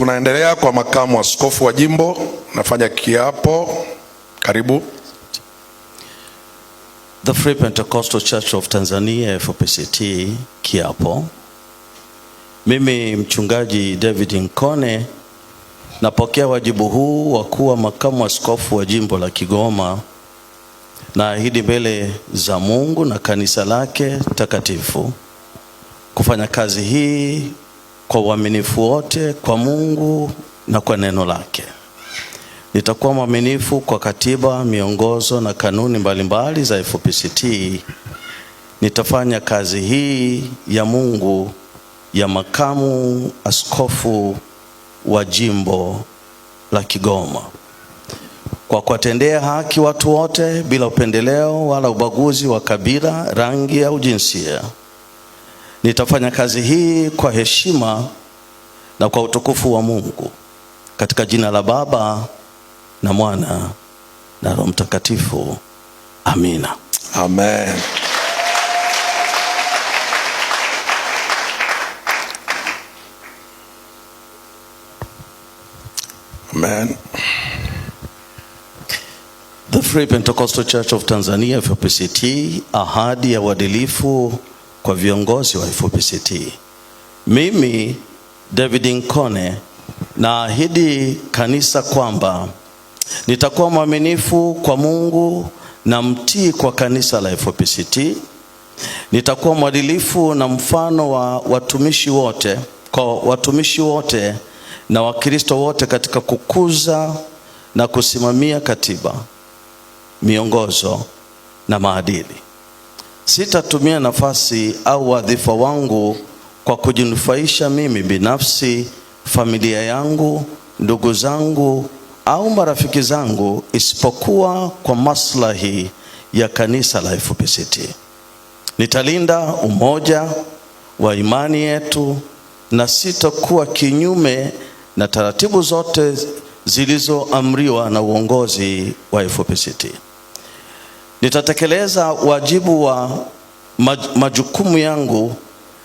Tunaendelea kwa makamu askofu wa, wa jimbo, nafanya kiapo. Karibu. The Free Pentecostal Church of Tanzania FPCT, kiapo. Mimi mchungaji David Nkone napokea wajibu huu wa kuwa makamu askofu wa jimbo la Kigoma. Naahidi mbele za Mungu na kanisa lake takatifu kufanya kazi hii kwa uaminifu wote kwa Mungu na kwa neno lake. Nitakuwa mwaminifu kwa katiba, miongozo na kanuni mbalimbali mbali za FPCT. Nitafanya kazi hii ya Mungu ya makamu askofu wa jimbo la Kigoma kwa kuwatendea haki watu wote bila upendeleo wala ubaguzi wa kabila, rangi au jinsia. Nitafanya kazi hii kwa heshima na kwa utukufu wa Mungu katika jina la Baba na Mwana na Roho Mtakatifu. Amina. Amen. Amen. The Free Pentecostal Church of Tanzania FPCT, ahadi ya uadilifu kwa viongozi wa FPCT. Mimi David Nkone naahidi kanisa kwamba nitakuwa mwaminifu kwa Mungu na mtii kwa kanisa la FPCT. Nitakuwa mwadilifu na mfano wa watumishi wote kwa watumishi wote na Wakristo wote katika kukuza na kusimamia katiba, miongozo na maadili. Sitatumia nafasi au wadhifa wangu kwa kujinufaisha mimi binafsi, familia yangu, ndugu zangu au marafiki zangu, isipokuwa kwa maslahi ya kanisa la FPCT. Nitalinda umoja wa imani yetu na sitakuwa kinyume na taratibu zote zilizoamriwa na uongozi wa FPCT. Nitatekeleza wajibu wa majukumu yangu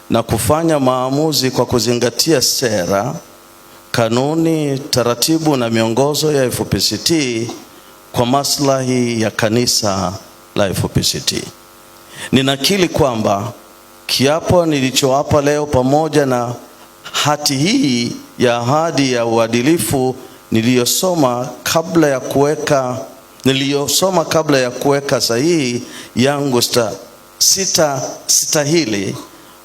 na kufanya maamuzi kwa kuzingatia sera, kanuni, taratibu na miongozo ya FPCT kwa maslahi ya kanisa la FPCT. ninakili kwamba kiapo nilichoapa leo pamoja na hati hii ya ahadi ya uadilifu niliyosoma kabla ya kuweka niliyosoma kabla ya kuweka sahihi yangu sita, sita stahili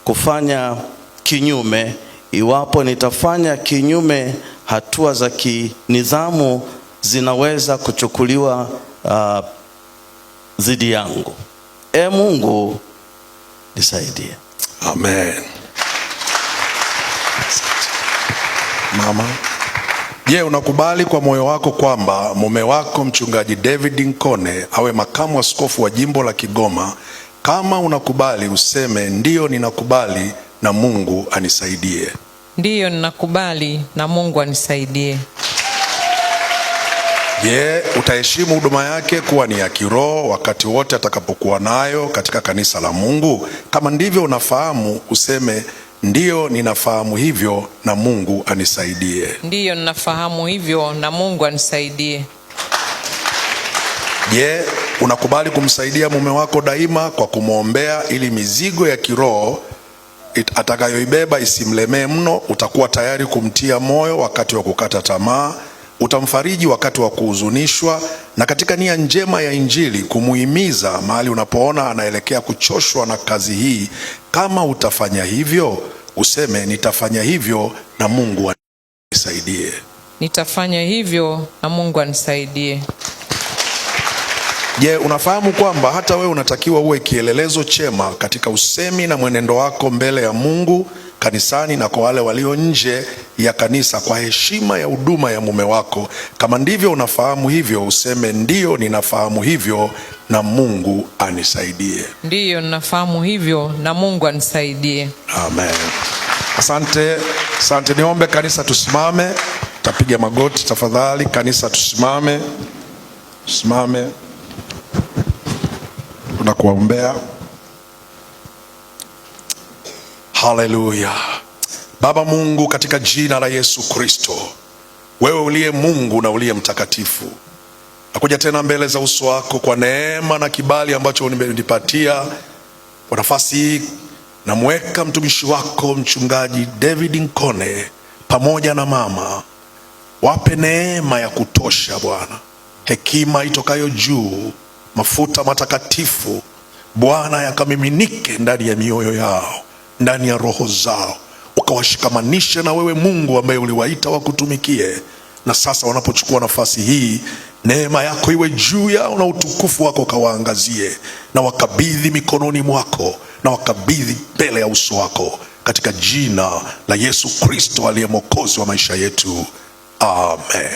kufanya kinyume, iwapo nitafanya kinyume, hatua za kinidhamu zinaweza kuchukuliwa uh, dhidi yangu. E Mungu nisaidie, amen. Mama Je, unakubali kwa moyo wako kwamba mume wako mchungaji David Nkone awe makamu askofu wa, wa jimbo la Kigoma? Kama unakubali useme ndiyo, ninakubali na Mungu anisaidie. Ndiyo, ninakubali na Mungu anisaidie. Je, utaheshimu huduma yake kuwa ni ya kiroho wakati wote atakapokuwa nayo katika kanisa la Mungu? Kama ndivyo unafahamu, useme Ndiyo ninafahamu hivyo na Mungu anisaidie. Ndiyo ninafahamu hivyo na Mungu anisaidie. Je, yeah, unakubali kumsaidia mume wako daima kwa kumwombea ili mizigo ya kiroho atakayoibeba isimlemee mno? Utakuwa tayari kumtia moyo wakati wa kukata tamaa, utamfariji wakati wa kuhuzunishwa, na katika nia njema ya Injili kumuhimiza mahali unapoona anaelekea kuchoshwa na kazi hii kama utafanya hivyo, useme nitafanya hivyo na Mungu anisaidie. Nitafanya hivyo na Mungu anisaidie. Je, unafahamu kwamba hata wewe unatakiwa uwe kielelezo chema katika usemi na mwenendo wako mbele ya Mungu, kanisani na kwa wale walio nje ya kanisa kwa heshima ya huduma ya mume wako. Kama ndivyo unafahamu hivyo, useme ndiyo, ninafahamu hivyo na Mungu anisaidie. Ndiyo, ninafahamu hivyo na Mungu anisaidie. Amen. Asante, asante. Niombe kanisa tusimame, tapiga magoti tafadhali. Kanisa tusimame, tusimame, tunakuombea. Haleluya. Baba Mungu, katika jina la Yesu Kristo, wewe uliye Mungu na uliye mtakatifu, nakuja tena mbele za uso wako kwa neema na kibali ambacho umenipatia kwa nafasi hii. Namweka mtumishi wako mchungaji David Nkone pamoja na mama, wape neema ya kutosha Bwana, hekima itokayo juu, mafuta matakatifu Bwana, yakamiminike ndani ya mioyo yao, ndani ya roho zao ukawashikamanishe na wewe Mungu ambaye uliwaita wakutumikie, na sasa wanapochukua nafasi hii, neema yako iwe juu yao na utukufu wako ukawaangazie, na wakabidhi mikononi mwako, na wakabidhi mbele ya uso wako, katika jina la Yesu Kristo aliye Mwokozi wa maisha yetu, amen.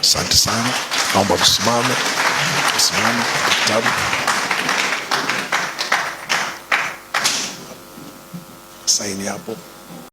Asante sana, naomba msimame, msimame pahinga po.